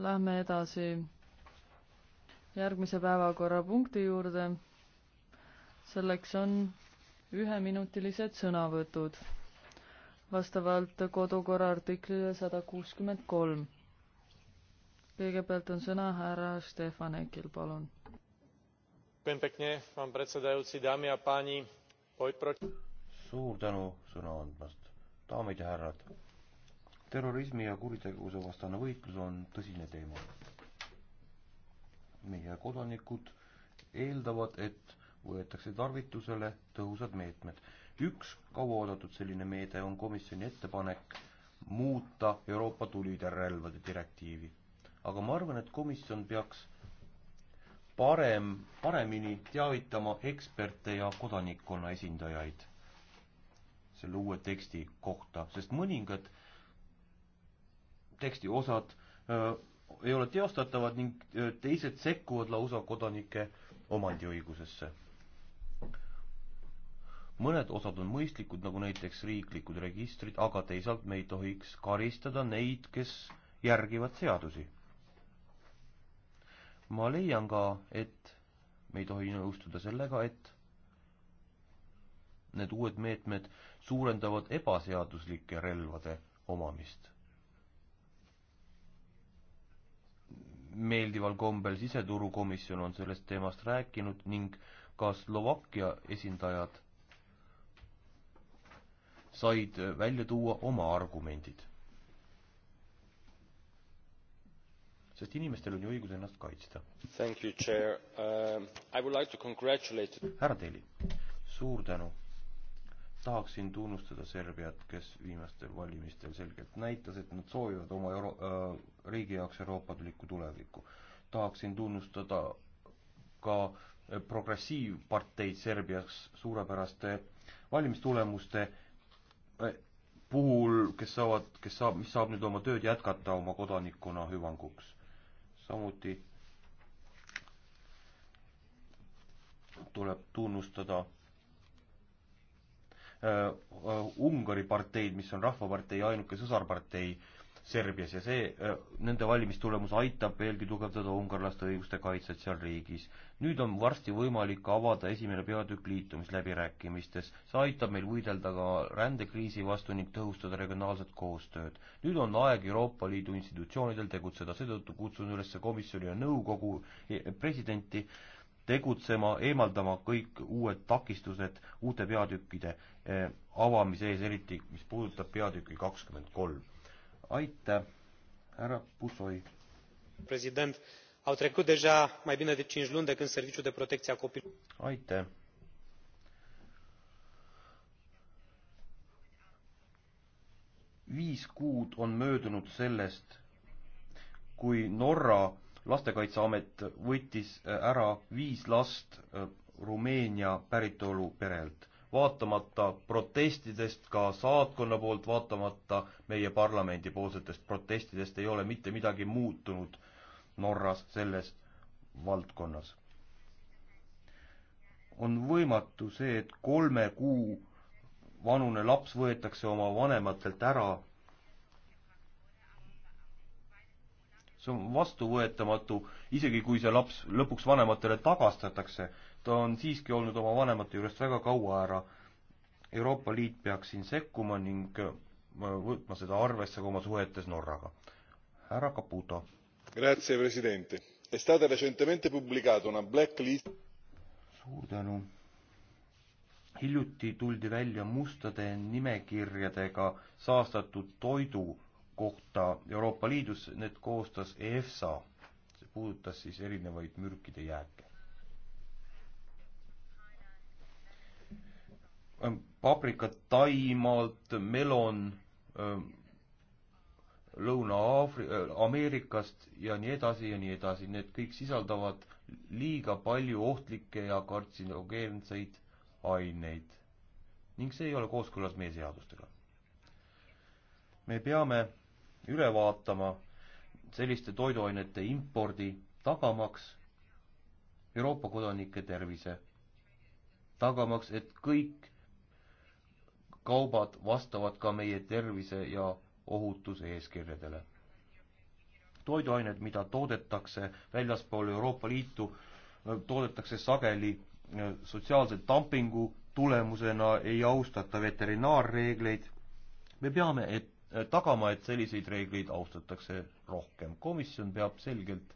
Lähme edasi järgmise päevakorrapunkti juurde. selleks on üheminutilised sõnavõtud vastavalt kodukorra artiklile sada kuuskümmend kolm. kõigepealt on sõna härra Stefanekil, palun. suur tänu sõna andmast, daamid ja härrad terrorismi ja kuritegevuse vastane võitlus on tõsine teema. meie kodanikud eeldavad, et võetakse tarvitusele tõhusad meetmed. üks kauaoodatud selline meede on komisjoni ettepanek muuta Euroopa tulitõrjerelvade direktiivi. aga ma arvan, et komisjon peaks parem, paremini teavitama eksperte ja kodanikkonna esindajaid selle uue teksti kohta, sest mõningad teksti osad öö, äh, ei ole teostatavad ning öö, äh, teised sekkuvad lausa kodanike omandiõigusesse. mõned osad on mõistlikud, nagu näiteks riiklikud registrid, aga teisalt me ei tohiks karistada neid, kes järgivad seadusi. ma leian ka, et me ei tohi nõustuda sellega, et need uued meetmed suurendavad ebaseaduslike relvade omamist. meeldival kombel siseturukomisjon on sellest teemast rääkinud ning ka Slovakkia esindajad said välja tuua oma argumendid. sest inimestel on ju õigus ennast kaitsta. Uh, like congratulate... härra Teli, suur tänu. tahaksin tunnustada Serbiat, kes viimastel valimistel selgelt näitas, et nad soovivad oma euro- uh,, kõigi jaoks euroopalikku tulevikku. tahaksin tunnustada ka progressiivparteid Serbias suurepäraste valimistulemuste eh, puhul, kes saavad, kes saab, mis saab nüüd oma tööd jätkata oma kodanikuna hüvanguks. samuti tuleb tunnustada eh, Ungari parteid, mis on Rahvapartei ainuke sõsarpartei Serbias ja see, äh, nende valimistulemus aitab veelgi tugevdada ungarlaste õiguste kaitset seal riigis. nüüd on varsti võimalik avada esimene peatükk liitumisläbirääkimistes. see aitab meil võidelda ka rändekriisi vastu ning tõhustada regionaalset koostööd. nüüd on aeg Euroopa Liidu institutsioonidel tegutseda, seetõttu kutsun üles komisjoni ja nõukogu e-, presidenti tegutsema, eemaldama kõik uued takistused uute peatükkide äh, avamise ees, eriti mis puudutab peatükki kakskümmend kolm aitäh, härra Pusoi. president, au trecut deja mai bine de cinci luni de când serviciul de protecție a copilului. aitäh. viis kuud on möödunud sellest, kui Norra lastekaitseamet võttis ära viis last eh, Rumeenia päritolu perelt vaatamata protestidest ka saatkonna poolt, vaatamata meie parlamendi poolsetest protestidest ei ole mitte midagi muutunud Norras selles valdkonnas. on võimatu see, et kolme kuu vanune laps võetakse oma vanematelt ära. see on vastuvõetamatu, isegi kui see laps lõpuks vanematele tagastatakse ta on siiski olnud oma vanemate juurest väga kaua ära. Euroopa Liit peaks siin sekkuma ning äh, võtma seda arvesse ka oma suhetes Norraga. härra Caputo. Grazie, president. È stata recentemente pubblicata una black list. suur tänu. hiljuti tuldi välja mustade nimekirjadega saastatud toidu kohta Euroopa Liidus, need koostas EFSA. see puudutas siis erinevaid mürkide jääke Ähm, paprikat Taimaalt, melon ähm, Lõuna-Aafri-, äh, Ameerikast ja nii edasi ja nii edasi, need kõik sisaldavad liiga palju ohtlikke ja kartsinogeenseid aineid. ning see ei ole kooskõlas meie seadustega. me peame üle vaatama selliste toiduainete impordi, tagamaks Euroopa kodanike tervise, tagamaks, et kõik kaubad vastavad ka meie tervise ja ohutuse eeskirjadele. toiduained, mida toodetakse väljaspool Euroopa Liitu, toodetakse sageli eh, sotsiaalse dumpingu tulemusena, ei austata veterinaarreegleid. me peame, et eh, tagama, et selliseid reegleid austatakse rohkem. komisjon peab selgelt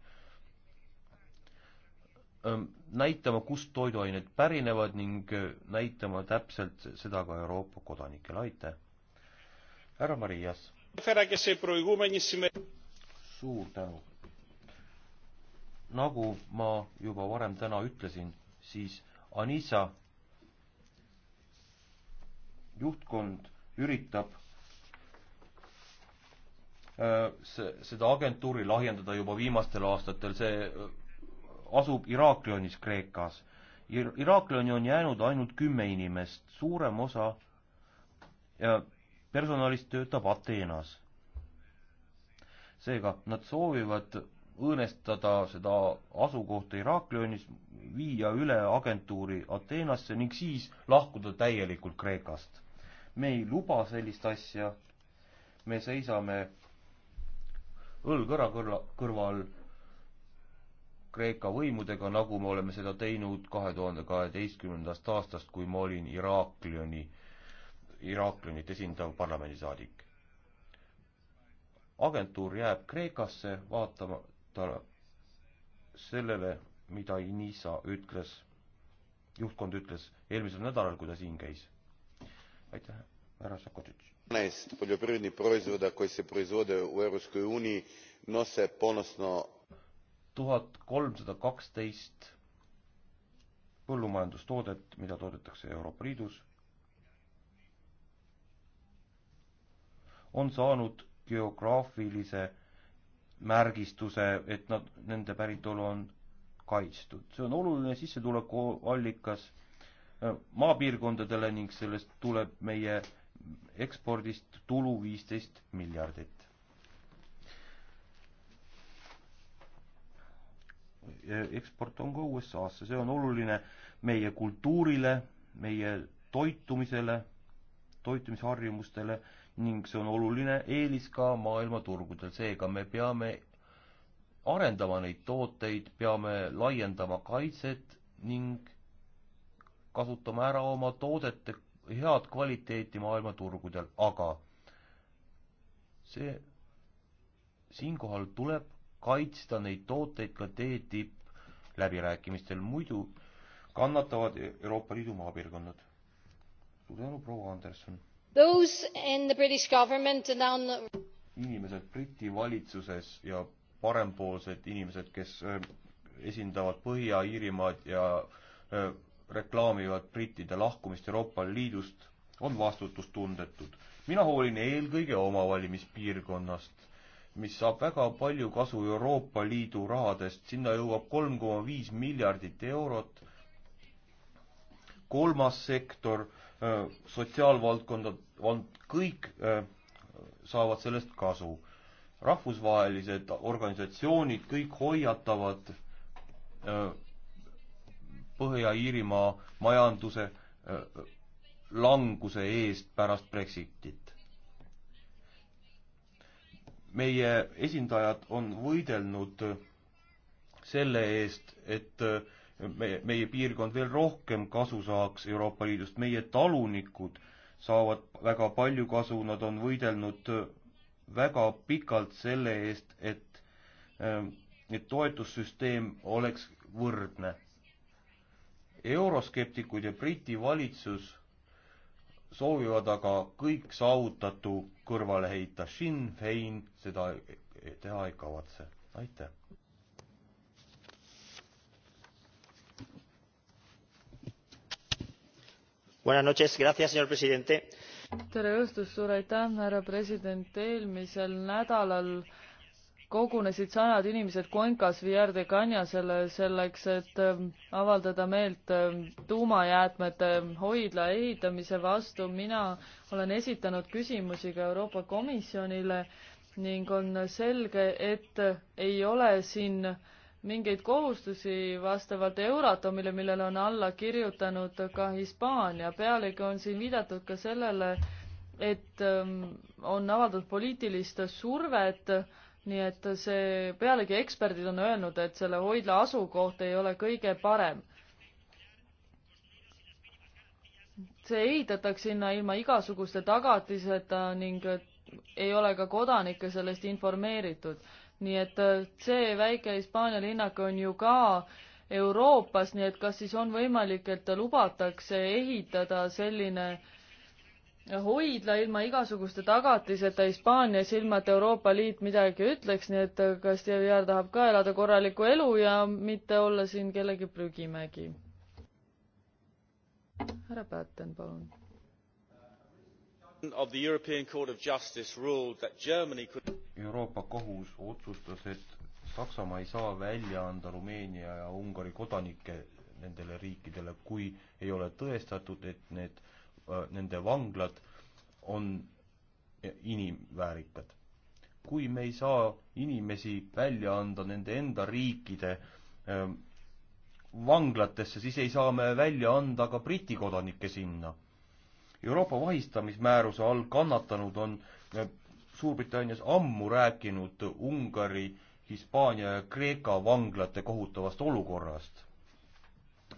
Ähm, näitama, kust toiduained pärinevad ning äh, näitama täpselt seda ka Euroopa kodanikele, aitäh. härra Marias. suur tänu. nagu ma juba varem täna ütlesin, siis Anissa juhtkond üritab äh, seda agentuuri lahjendada juba viimastel aastatel, see äh, asub Iraaklionis Kreekas Ir. Iraaklioni on jäänud ainult kümme inimest, suurem osa personalist töötab Ateenas. seega nad soovivad õõnestada seda asukohta Iraaklionis, viia üle agentuuri Ateenasse ning siis lahkuda täielikult Kreekast. me ei luba sellist asja, me seisame õlg õra kõrva, kõrva all Kreeka võimudega, nagu me oleme seda teinud kahe tuhande kaheteistkümnendast aastast, kui ma olin Iraaklioni, Iraaklinit esindav parlamendisaadik. agentuur jääb Kreekasse vaatamata sellele, mida Inisa ütles, juhtkond ütles eelmisel nädalal, kui ta siin käis. aitäh, härra Sokotitš. poljoprivrednih proizvoda koji se proizvode u Europskoj uniji nose ponosno tuhat kolmsada kaksteist põllumajandustoodet, mida toodetakse Euroopa Liidus, on saanud geograafilise märgistuse, et nad, nende päritolu on kaitstud. see on oluline sissetulekuallikas äh, maapiirkondadele ning sellest tuleb meie ekspordist tulu viisteist miljardit. eksport on ka USA-sse, see on oluline meie kultuurile, meie toitumisele, toitumisharjumustele ning see on oluline eelis ka maailmaturgudel, seega me peame arendama neid tooteid, peame laiendama kaitset ning kasutama ära oma toodete head kvaliteeti maailmaturgudel, aga see siinkohal tuleb kaitsta neid tooteid ka TTIP läbirääkimistel, muidu kannatavad Euroopa Liidu maapiirkonnad. suur tänu, proua Anderson. Those in the British government and on inimesed Briti valitsuses ja parempoolsed inimesed, kes äh, esindavad Põhja-Iirimaad ja äh, reklaamivad brittide lahkumist Euroopa Liidust, on vastutustundetud. mina hoolin eelkõige oma valimispiirkonnast mis saab väga palju kasu Euroopa Liidu rahadest, sinna jõuab kolm koma viis miljardit eurot. kolmas sektor, äh, sotsiaalvaldkond, kõik äh, saavad sellest kasu. rahvusvahelised organisatsioonid kõik hoiatavad äh, Põhja-Iirimaa majanduse languse eest pärast Brexitit meie esindajad on võidelnud selle eest, et äh, me, meie piirkond veel rohkem kasu saaks Euroopa Liidust, meie talunikud saavad väga palju kasu, nad on võidelnud äh, väga pikalt selle eest, et, äh, et toetussüsteem oleks võrdne. euroskeptikud ja Briti valitsus soovivad aga kõik saavutatu kõrvale heita. Sinn Fein seda teha ei kavatse. aitäh. Buenas noches, gracias, señor presidente. tere õhtust, suur aitäh, härra president. eelmisel nädalal kogunesid sajad inimesed Cuencas Villar de Cañasele selleks, et ähm, avaldada meelt ähm, tuumajäätmete ähm, hoidla ehitamise vastu. mina olen esitanud küsimusi ka Euroopa Komisjonile ning on selge, et ei ole siin mingeid kohustusi vastavalt Euratomile, millele on alla kirjutanud ka Hispaania. pealegi on siin viidatud ka sellele, et on avaldatud poliitilist survet äh, nii et see, pealegi eksperdid on öelnud, et selle hoidla asukoht ei ole kõige parem. see ehitatakse sinna ilma igasuguste tagatiseta ning ei ole ka kodanikke sellest informeeritud. nii et see väike Hispaania linnak on ju ka Euroopas, nii et kas siis on võimalik, et lubatakse ehitada selline äh, hoidla ilma igasuguste tagatiseta Hispaanias, ilma et Euroopa Liit midagi ütleks, nii et kas Javier tahab ka elada korralikku elu ja mitte olla siin kellegi prügimägi? härra Patten, palun. Euroopa Kohus otsustas, et Saksamaa ei saa välja anda Rumeenia ja Ungari kodanikke nendele riikidele, kui ei ole tõestatud, et need Äh, nende vanglad on inimväärikad. kui me ei saa inimesi välja anda nende enda riikide ähm, vanglatesse, siis ei saa me välja anda ka Briti kodanikke sinna. Euroopa vahistamismääruse all kannatanud on äh, Suurbritannias ammu rääkinud Ungari, Hispaania ja Kreeka vanglate kohutavast olukorrast.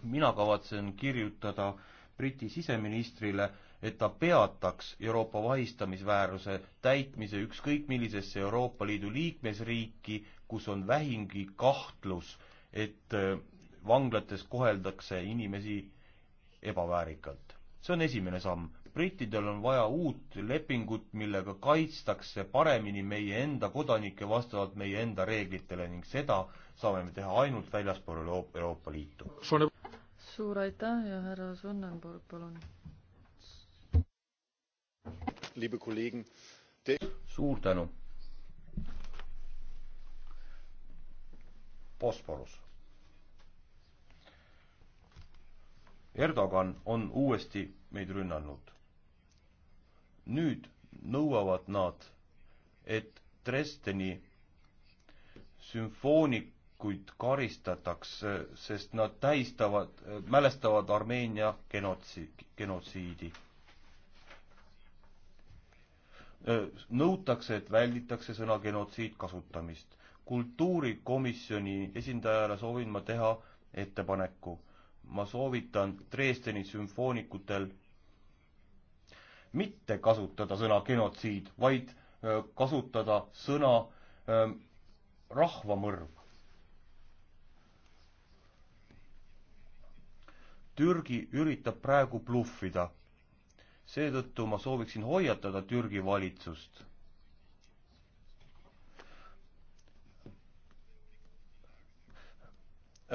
mina kavatsen kirjutada äh, Briti siseministrile, et ta peataks Euroopa vahistamisvääruse täitmise ükskõik millisesse Euroopa Liidu liikmesriiki, kus on vähimgi kahtlus, et äh, vanglates koheldakse inimesi ebaväärikalt. see on esimene samm. brittidel on vaja uut lepingut, millega kaitstakse paremini meie enda kodanikke vastavalt meie enda reeglitele ning seda saame me teha ainult väljaspool Euroopa Liitu suur aitäh ja härra Sonnenburg, palun. suur tänu. Bosporus. Erdogan on uuesti meid rünnanud. nüüd nõuavad nad, et Dresdeni sümfoonik isikuid karistatakse, sest nad tähistavad, mälestavad Armeenia genotsi-, genotsiidi. nõutakse, et välditakse sõna genotsiid kasutamist. kultuurikomisjoni esindajale soovin ma teha ettepaneku. ma soovitan Dresdeni sümfoonikutel mitte kasutada sõna genotsiid, vaid äh, kasutada sõna ähm, rahvamõrv. Türgi üritab praegu bluffida. seetõttu ma sooviksin hoiatada Türgi valitsust.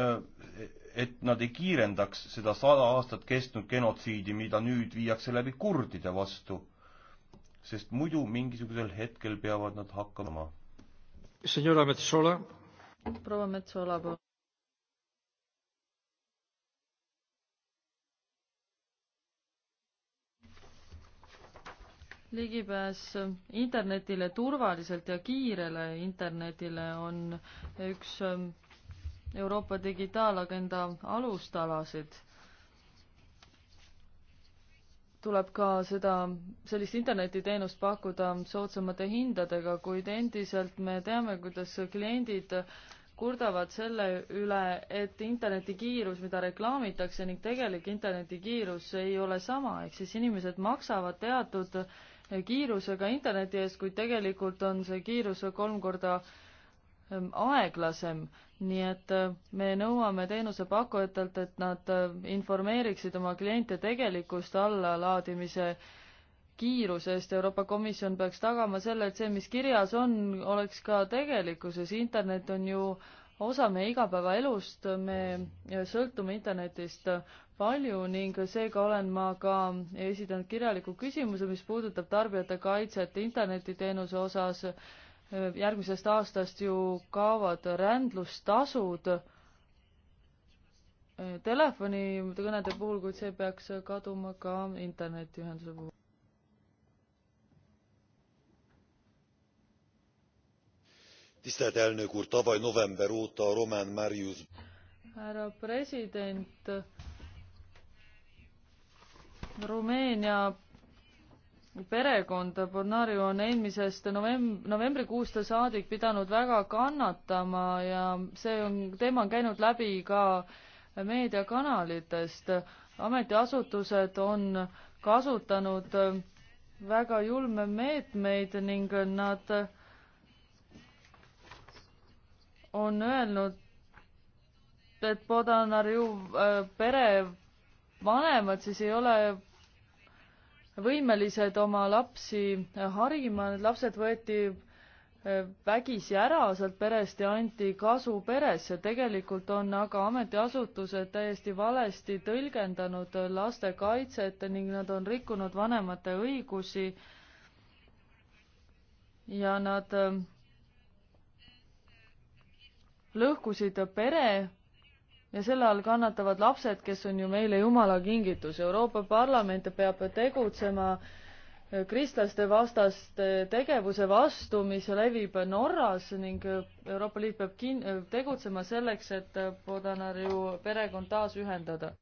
Äh, et nad ei kiirendaks seda sada aastat kestnud genotsiidi, mida nüüd viiakse läbi kurdide vastu. sest muidu mingisugusel hetkel peavad nad hakkama. proua Metsola, palun. ligipääs internetile turvaliselt ja kiirele internetile on üks ähm, Euroopa digitaalagenda alustalasid. tuleb ka seda, sellist internetiteenust pakkuda soodsamate hindadega, kuid endiselt me teame, kuidas kliendid kurdavad selle üle, et interneti kiirus, mida reklaamitakse ning tegelik interneti kiirus ei ole sama, ehk siis inimesed maksavad teatud äh, kiirusega interneti ees, kuid tegelikult on see kiirus kolm korda ehm, aeglasem, nii et ehm, me nõuame teenusepakkujatelt, et nad ehm, informeeriksid oma kliente tegelikust allalaadimise kiirusest. Euroopa Komisjon peaks tagama selle, et see, mis kirjas on, oleks ka tegelikkuses. internet on ju äh, osa meie igapäevaelust, me sõltume internetist palju ning seega olen ma ka esitanud kirjaliku küsimuse, mis puudutab tarbijate kaitset internetiteenuse osas. järgmisest aastast ju kaovad rändlustasud telefonikõnede puhul, kuid see peaks kaduma ka internetiühenduse puhul. tisztelt elnök úr tavaly november óta a román marius härra president rumeenia perekond Bornariu on eelmisest novemb-, novembrikuust saadik pidanud väga kannatama ja see on, teema on käinud läbi ka meediakanalitest. ametiasutused on kasutanud väga julme meetmeid ning nad on öelnud, et Podanarju äh, pere vanemad siis ei ole võimelised oma lapsi äh, harima, need lapsed võeti äh, vägisi ära sealt perest ja anti kasu peresse. tegelikult on aga ametiasutused täiesti valesti tõlgendanud lastekaitset ning nad on rikkunud vanemate õigusi ja nad äh, lõhkusid pere ja selle all kannatavad lapsed, kes on ju meile Jumala kingitus. Euroopa Parlament peab tegutsema kristlaste vastaste tegevuse vastu, mis levib Norras ning Euroopa Liit peab kin-, tegutsema selleks, et Podanarju perekond taas ühendada.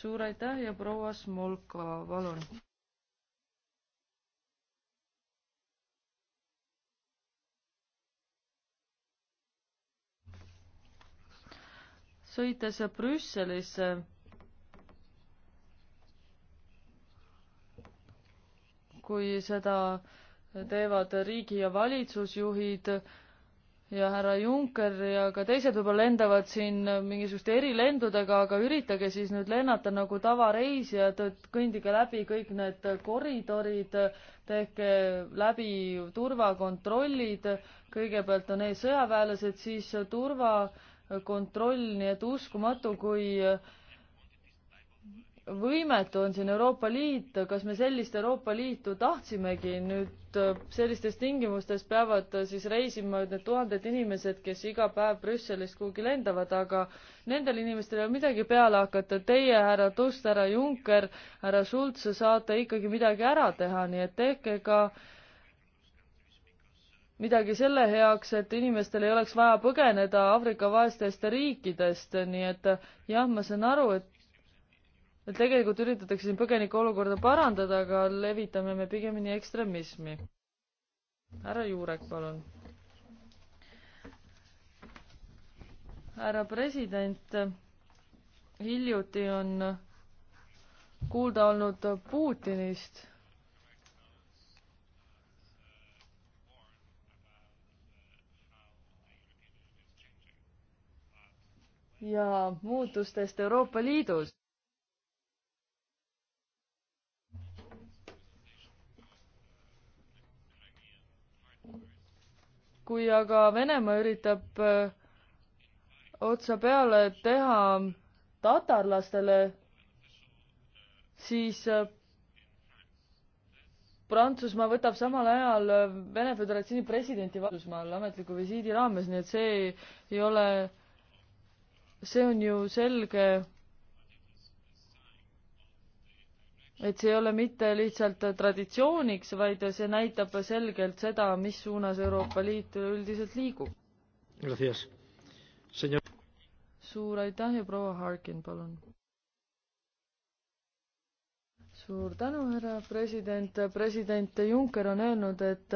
suur aitäh ja proua Smolka, palun! sõites Brüsselisse kui seda teevad riigi- ja valitsusjuhid ja härra Juncker ja ka teised võib-olla lendavad siin mingisuguste erilendudega, aga üritage siis nüüd lennata nagu tavareisijad, et kõndige läbi kõik need koridorid, tehke läbi turvakontrollid, kõigepealt on ees sõjaväelased, siis turva äh, kontroll, nii et uskumatu, kui võimetu on siin Euroopa Liit, kas me sellist Euroopa Liitu tahtsimegi, nüüd sellistes tingimustes peavad siis reisima need tuhanded inimesed, kes iga päev Brüsselist kuhugi lendavad, aga nendel inimestel ei ole midagi peale hakata, teie, härra Tusk, härra Juncker, härra Schulz, saate ikkagi midagi ära teha, nii et tehke ka äh, midagi selle heaks, et inimestel ei oleks vaja põgeneda Aafrika vaestest riikidest, nii et jah, ma saan aru, et et tegelikult üritatakse siin põgenike olukorda parandada, aga levitame me pigemini ekstremismi. härra Juurek, palun. härra president, hiljuti on kuulda olnud Putinist ja muutustest Euroopa Liidus. kui aga Venemaa üritab äh, otsa peale teha tatarlastele, siis äh, Prantsusmaa võtab samal ajal äh, Vene Föderatsiooni presidenti Prantsusmaal ametliku visiidi raames, nii et see ei ole see on ju selge, et see ei ole mitte lihtsalt traditsiooniks, vaid see näitab selgelt seda, mis suunas Euroopa Liit üleüldiselt liigub. suur aitäh ja proua Harkin, palun. suur tänu, härra president. president Juncker on öelnud, et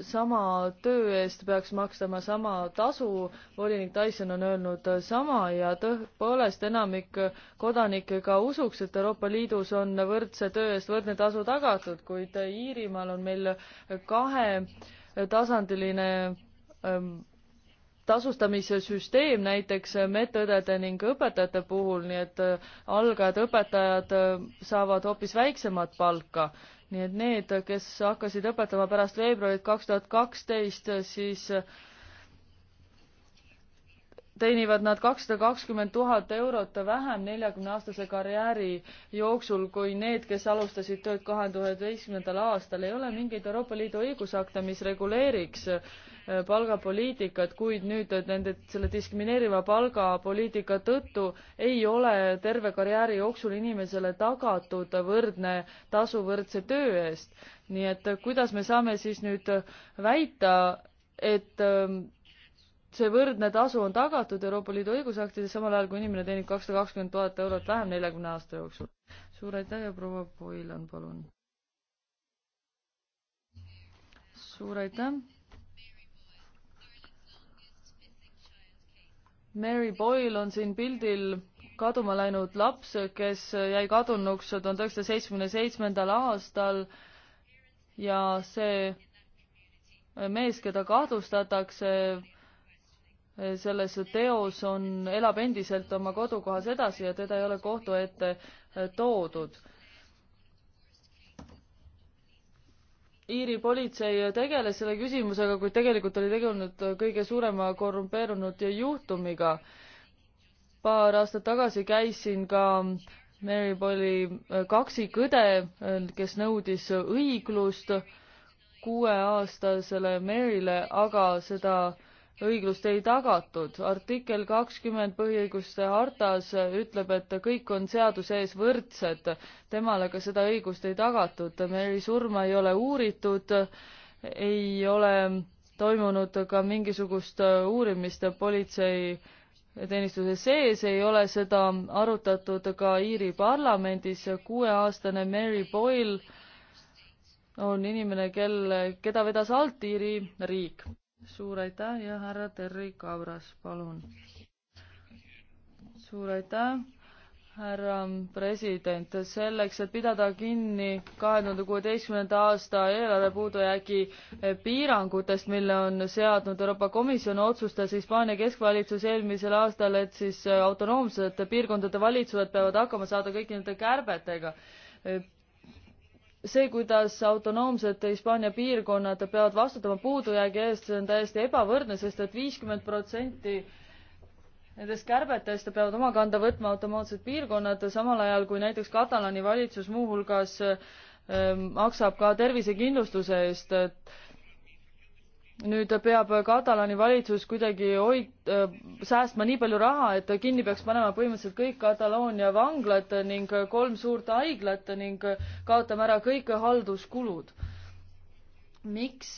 sama töö eest peaks maksma sama tasu, volinik Tyson on öelnud sama ja tõepoolest enamik kodanikke ka usuks, et Euroopa Liidus on võrdse töö eest võrdne tasu tagatud, kuid Iirimaal on meil kahetasandiline ähm, tasustamise süsteem näiteks medõdede ning õpetajate puhul, nii et äh, algajad õpetajad äh, saavad hoopis väiksemat palka nii et need, kes hakkasid õpetama pärast veebruarit kaks tuhat kaksteist, siis teenivad nad kakssada kakskümmend tuhat eurot vähem neljakümne aastase karjääri jooksul kui need, kes alustasid tööd kahe tuhande üheteistkümnendal aastal. ei ole mingeid Euroopa Liidu õigusakte, mis reguleeriks Äh, palgapoliitikat, kuid nüüd nende, selle diskrimineeriva palgapoliitika tõttu ei ole terve karjääri jooksul inimesele tagatud võrdne tasu võrdse töö eest. nii et äh, kuidas me saame siis nüüd väita, et ähm, see võrdne tasu on tagatud Euroopa Liidu õigusaktides, samal ajal kui inimene teenib kakssada kakskümmend tuhat eurot vähem neljakümne aasta jooksul. suur aitäh ja proua Poilan, palun. suur aitäh Mary Boyle on siin pildil kaduma läinud laps, kes jäi kadunuks tuhande üheksasaja seitsmekümne seitsmendal aastal ja see mees, keda kahtlustatakse selles teos, on, elab endiselt oma kodukohas edasi ja teda ei ole kohtu ette toodud Iiri politsei tegeles selle küsimusega, kuid tegelikult oli tegelenud kõige suurema korrumpeerunud juhtumiga. paar aastat tagasi käisin ka Maryboli kaksikõde, kes nõudis õiglust kuueaastasele Maryle, aga seda õiglust ei tagatud. artikkel kakskümmend põhiõiguste hartas ütleb, et kõik on seaduse ees võrdsed, temale ka seda õigust ei tagatud, Mary surma ei ole uuritud, ei ole toimunud ka mingisugust uurimist politsei teenistuse sees, ei ole seda arutatud ka Iiri parlamendis, kuueaastane Mary Boyle on inimene, kelle, keda vedas alt Iiri riik suur aitäh ja härra Terri Kabras, palun. suur aitäh, härra president, selleks, et pidada kinni kahe tuhande kuueteistkümnenda aasta eelarve puudujäägi piirangutest, mille on seadnud Euroopa Komisjon, otsustas Hispaania keskvalitsus eelmisel aastal, et siis autonoomsed piirkondade valitsused peavad hakkama saada kõigi nende kärbetega see, kuidas autonoomsed Hispaania piirkonnad peavad vastutama puudujäägi eest, see on täiesti ebavõrdne, sest et viiskümmend protsenti nendest kärbetest peavad oma kanda võtma automaatsed piirkonnad, samal ajal kui näiteks Katalaani valitsus muuhulgas äh, maksab ka tervisekindlustuse eest, et nüüd peab Katalooni valitsus kuidagi hoid-, äh, säästma nii palju raha, et ta kinni peaks panema põhimõtteliselt kõik Kataloonia vanglad ning kolm suurt haiglat ning kaotama ära kõik halduskulud. miks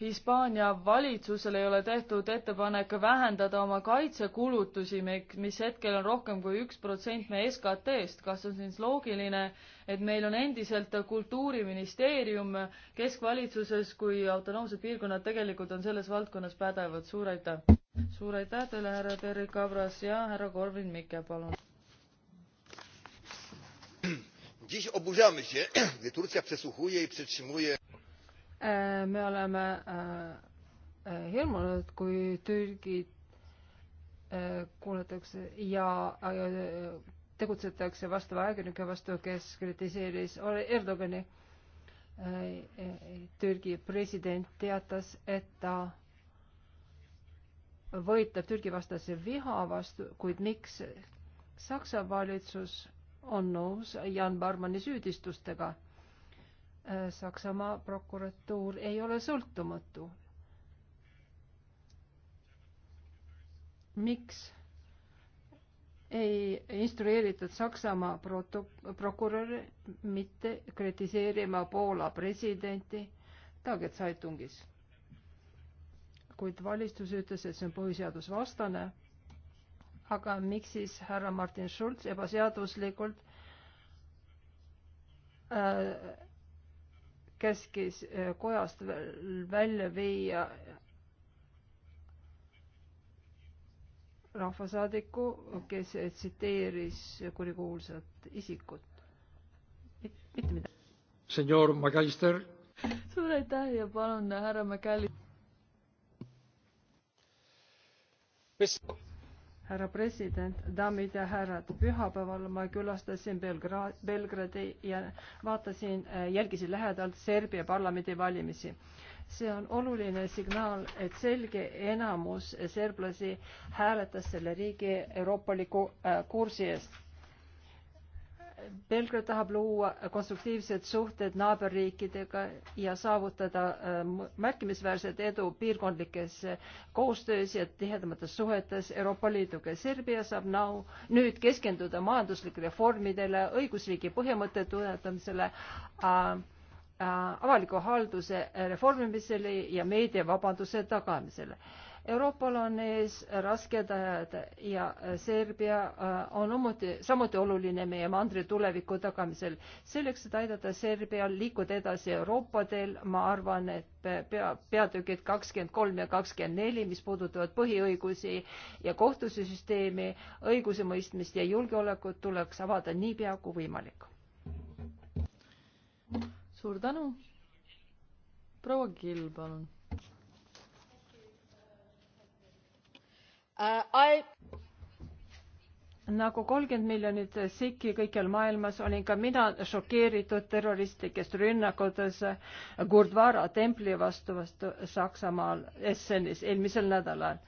Hispaania valitsusel ei ole tehtud ettepanek vähendada oma kaitsekulutusi, mis hetkel on rohkem kui üks protsent meie SKT-st, kas on siis loogiline äh, et meil on endiselt Kultuuriministeerium keskvalitsuses, kui autonoomsed piirkonnad tegelikult on selles valdkonnas pädevad. suur aitäh! suur aitäh teile, härra Terri Kabras ja härra Korvin Mikke, palun! Dziś oburzamy się, gdy Turcja przesłuchuje i przetrzymuje äh, me oleme äh, äh, hirmunud, kui Türgid kuulatakse ja tegutsetakse vastava ajakirjanike vastu, kes kritiseeris Erdogani. Türgi president teatas, et ta võitleb Türgi vastase viha vastu, kuid miks Saksa valitsus on nõus Jan Barmani süüdistustega? Saksamaa prokuratuur ei ole sõltumatu. miks ei instrueeritud Saksamaa proto-, prokuröre mitte kritiseerima Poola presidenti Tagezeitungis. kuid valitsus ütles, et see on põhiseadusvastane. aga miks siis härra Martin Schulz ebaseaduslikult äh, käskis äh, kojast välja viia rahvasaadiku, kes tsiteeris kurikuulsat isikut Mit,. mitte midagi. senor McAllister. suur aitäh ja palun härra McAllister härra president, daamid ja härrad, pühapäeval ma külastasin Belgra-, Belgradi ja vaatasin, jälgisin lähedalt Serbia parlamendivalimisi see on oluline signaal, et selge enamus serblasi hääletas selle riigi euroopaliku äh, kursi eest. Belgrad tahab luua konstruktiivsed suhted naaberriikidega ja saavutada äh, märkimisväärset edu piirkondlikes äh, koostöös ja tihedamates suhetes Euroopa Liiduga. Serbia saab now, nüüd keskenduda majanduslikele reformidele, õigusriigi põhimõtte tunnetamisele äh, Äh, avaliku halduse reformimisele ja meediavabaduse tagamisele. Euroopal on ees rasked ajad ja Serbia äh, on omuti, samuti oluline meie mandri tuleviku tagamisel. selleks, et aidata Serbial liikuda edasi Euroopa teel, ma arvan, et pea, peatükid kakskümmend kolm ja kakskümmend neli, mis puudutavad põhiõigusi ja kohtusüsteemi, õigusemõistmist ja julgeolekut, tuleks avada niipea kui võimalik suur tänu. proua Kill, palun uh,. Äh, I nagu kolmkümmend miljonit sikhi kõikjal maailmas olin ka mina šokeeritud terroristlikest rünnakutes Gurdwara templi vastu vastu Saksamaal Essenis eelmisel nädalal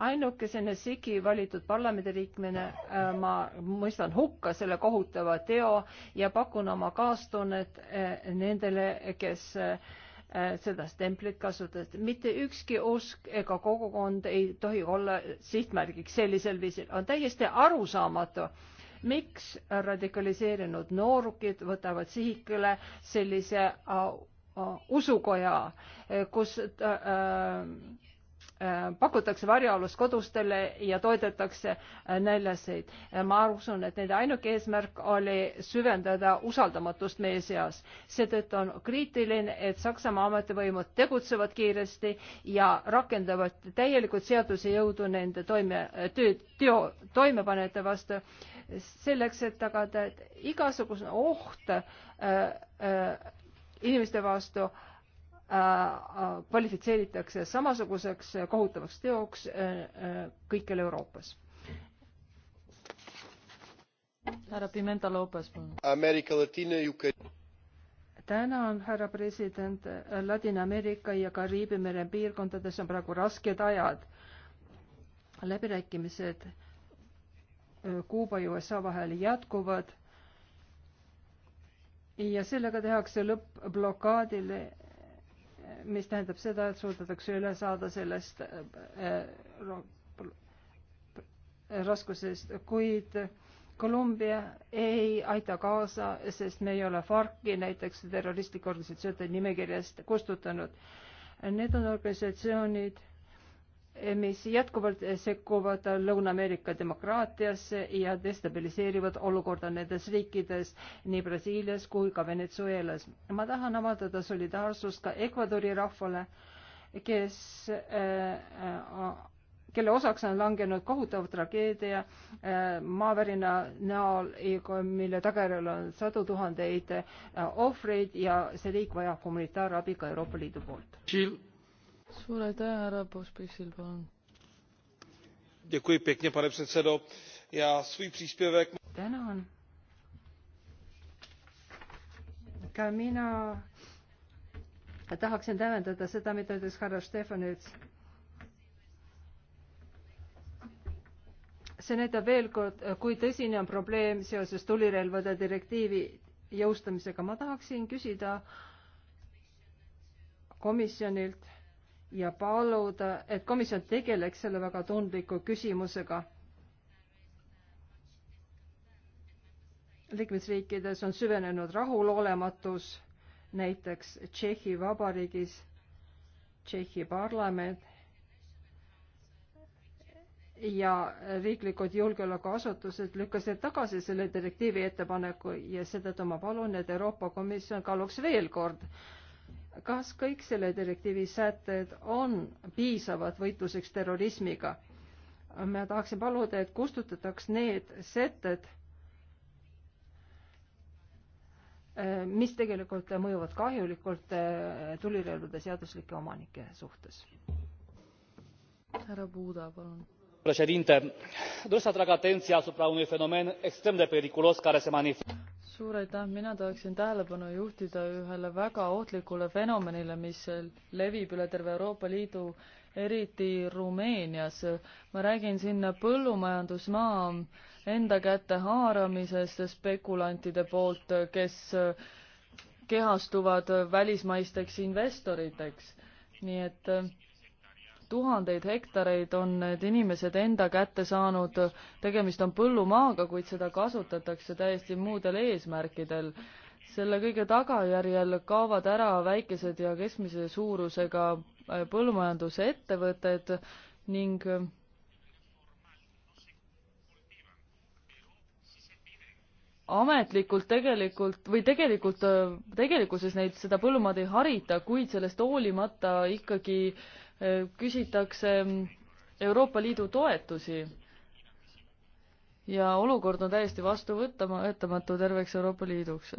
ainukesena SIGi valitud parlamendiliikmena äh, ma mõistan hukka selle kohutava teo ja pakun oma kaastunnet äh, nendele, kes äh, seda stemplit kasutavad. mitte ükski usk ega kogukond ei tohi olla sihtmärgiks sellisel viisil. on täiesti arusaamatu, miks radikaliseerunud noorukid võtavad sihikule sellise usukoja, kus äh, Äh, pakutakse varjualust kodustele ja toidetakse äh, näljaseid. Äh, ma usun, et nende ainuke eesmärk oli süvendada usaldamatust meie seas. seetõttu on kriitiline, et Saksamaa ametivõimud tegutsevad kiiresti ja rakendavad täielikult seaduse jõudu nende toime, töö, teo toimepanejate vastu, selleks, et tagada, et igasugune oht äh, äh, inimeste vastu äh, Äh, äh, kvalifitseeritakse samasuguseks äh, kohutavaks teoks kõikjal Euroopas. härra Pimenta Lopes, palun. tänan, härra president. Ladina-Ameerika ja Kariibi mere piirkondades on praegu rasked ajad. läbirääkimised Kuuba ja USA vahel jätkuvad ja sellega tehakse lõpp blokaadile mis tähendab seda, et suudetakse üle saada sellest äh, äh, raskusest, kuid Kolumbia ei aita kaasa, sest me ei ole FARC-i näiteks terroristlike organisatsioonide nimekirjast kustutanud. Need on organisatsioonid mis jätkuvalt sekkuvad Lõuna-Ameerika demokraatiasse ja destabiliseerivad olukorda nendes riikides, nii Brasiilias kui ka Venezuelas. ma tahan avaldada solidaarsust ka Ecuadori rahvale, kes äh, äh kelle osaks on langenud kohutav tragöödia äh, maavärina näol, mille tagajärjel on sadu tuhandeid äh, ohvreid ja see riik vajab humanitaarabi ka Euroopa Liidu poolt suur aitäh, härra Pospisil, palun. tänan. ka mina tahaksin täiendada seda, mida ütles härra Stefanits. see näitab veel kord, kui tõsine on probleem seoses tulirelvade direktiivi jõustamisega. ma tahaksin küsida komisjonilt ja paluda, et komisjon tegeleks selle väga tundliku küsimusega. liikmesriikides on süvenenud rahulolematus, näiteks Tšehhi Vabariigis, Tšehhi parlament ja riiklikud julgeolekuasutused lükkasid tagasi selle direktiivi ettepaneku ja seetõttu ma palun, et Euroopa Komisjon kaaluks veel kord äh, kas kõik selle direktiivi sätted on piisavad võitluseks terrorismiga? ma tahaksin paluda, et kustutataks need sätted, mis tegelikult mõjuvad kahjulikult eh, tulirelvade seaduslike omanike suhtes. härra Puuda, palun. președinte, doresc să atrag atenția asupra unui fenomen extrem de periculos care se manifestă suur aitäh, mina tahaksin tähelepanu juhtida ühele väga ohtlikule fenomenile, mis levib üle terve Euroopa Liidu, eriti Rumeenias. ma räägin siin põllumajandusmaa enda kätte haaramisest spekulantide poolt, kes kehastuvad välismaisteks investoriteks. nii et tuhandeid hektareid on need inimesed enda kätte saanud, tegemist on põllumaaga, kuid seda kasutatakse täiesti muudel eesmärkidel. selle kõige tagajärjel kaovad ära väikesed ja keskmise suurusega äh, põllumajandusettevõtted ning äh, ametlikult tegelikult või tegelikult äh, tegelikkuses neid, seda põllumaad ei harita, kuid sellest hoolimata ikkagi küsitakse Euroopa Liidu toetusi ja olukord on täiesti vastuvõtama, võetamatu terveks Euroopa Liiduks.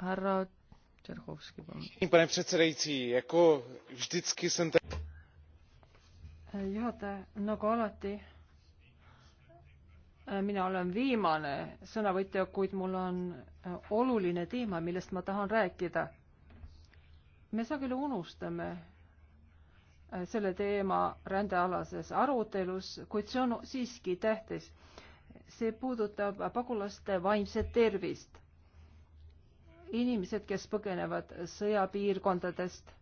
härra Tšerhovski, palun. juhataja, nagu alati, mina olen viimane sõnavõtja, kuid mul on oluline teema, millest ma tahan rääkida. me sageli unustame Äh, selle teema rändealases arutelus, kuid see on siiski tähtis. see puudutab pagulaste vaimset tervist. inimesed, kes põgenevad sõjapiirkondadest.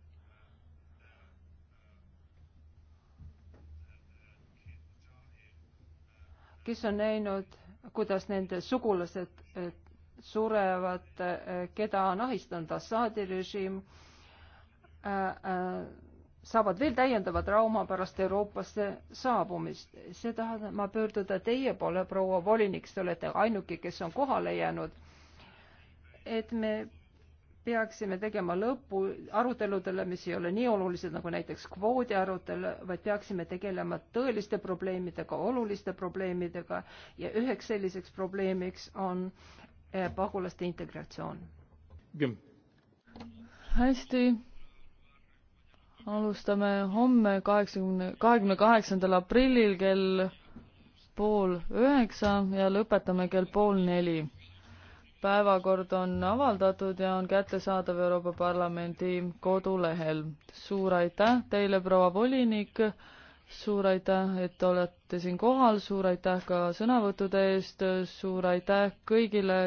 kes on näinud, kuidas nende sugulased surevad, äh, keda on ahistanud Assaadi režiim äh,. Äh, saavad veel täiendava trauma pärast Euroopasse saabumist. see tähendab, ma pöörduda teie poole, proua volinik, te olete ainuke, kes on kohale jäänud. et me peaksime tegema lõpu aruteludele, mis ei ole nii olulised nagu näiteks kvoodi arutelu, vaid peaksime tegelema tõeliste probleemidega, oluliste probleemidega ja üheks selliseks probleemiks on eh, pagulaste integratsioon. hästi alustame homme kaheksakümne, kahekümne kaheksandal aprillil kell pool üheksa ja lõpetame kell pool neli. päevakord on avaldatud ja on kättesaadav Euroopa Parlamendi kodulehel. suur aitäh teile, proua volinik, suur aitäh, et olete siin kohal, suur aitäh ka sõnavõttude eest, suur aitäh kõigile